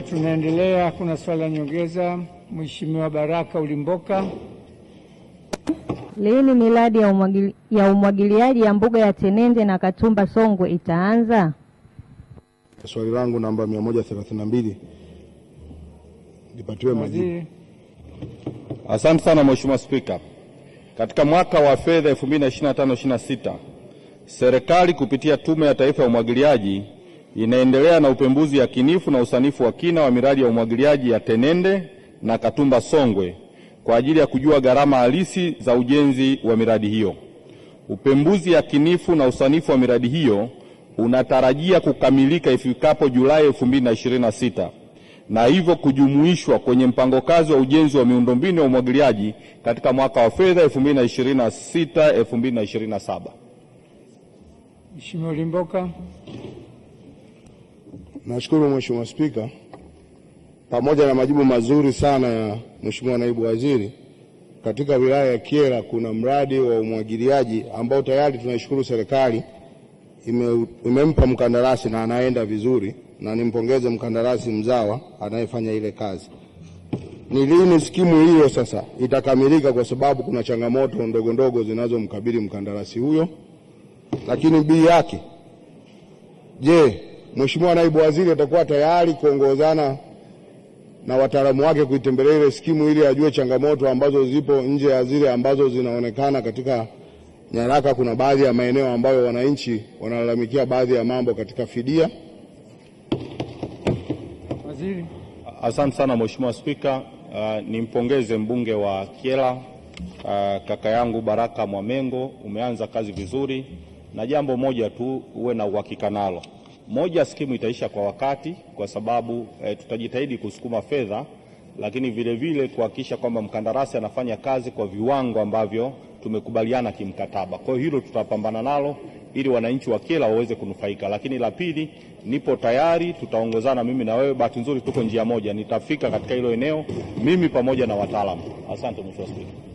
Hapa tunaendelea, kuna swali la nyongeza. Mheshimiwa Baraka Ulimboka. Lini miradi ya umwagili, ya umwagiliaji ya mbuga ya Tenende na Katumba Songwe itaanza? Swali langu namba 132 lipatiwe majibu. Asante sana Mheshimiwa Spika. Katika mwaka wa fedha 2025/26 serikali kupitia Tume ya Taifa ya Umwagiliaji inaendelea na upembuzi yakinifu na usanifu wa kina wa miradi ya umwagiliaji ya Tenende na Katumba Songwe kwa ajili ya kujua gharama halisi za ujenzi wa miradi hiyo. Upembuzi yakinifu na usanifu wa miradi hiyo unatarajia kukamilika ifikapo Julai 2026 na hivyo kujumuishwa kwenye mpango kazi wa ujenzi wa miundombinu ya umwagiliaji katika mwaka wa fedha 2026 2027. Mheshimiwa Limboka. Nashukuru Mheshimiwa Spika, pamoja na majibu mazuri sana ya Mheshimiwa Naibu Waziri, katika wilaya ya Kyela kuna mradi wa umwagiliaji ambao tayari tunaishukuru serikali ime, imempa mkandarasi na anaenda vizuri, na nimpongeze mkandarasi mzawa anayefanya ile kazi. Ni lini skimu hiyo sasa itakamilika? Kwa sababu kuna changamoto ndogo ndogo zinazomkabili mkandarasi huyo, lakini bii yake je, Mheshimiwa naibu waziri atakuwa tayari kuongozana na wataalamu wake kuitembelea ile skimu ili ajue changamoto ambazo zipo nje ya zile ambazo zinaonekana katika nyaraka. Kuna baadhi ya maeneo ambayo wananchi wanalalamikia baadhi ya mambo katika fidia. Waziri. Asante sana Mheshimiwa Spika. Uh, nimpongeze mbunge wa Kyela uh, kaka yangu Baraka Mwamengo, umeanza kazi vizuri, na jambo moja tu uwe na uhakika nalo moja, skimu itaisha kwa wakati, kwa sababu e, tutajitahidi kusukuma fedha, lakini vilevile kuhakikisha kwamba mkandarasi anafanya kazi kwa viwango ambavyo tumekubaliana kimkataba. Kwa hiyo hilo tutapambana nalo ili wananchi wa Kyela waweze kunufaika. Lakini la pili, nipo tayari, tutaongozana mimi na wewe, bahati nzuri tuko njia moja, nitafika katika hilo eneo mimi pamoja na wataalamu. Asante Mheshimiwa Spika.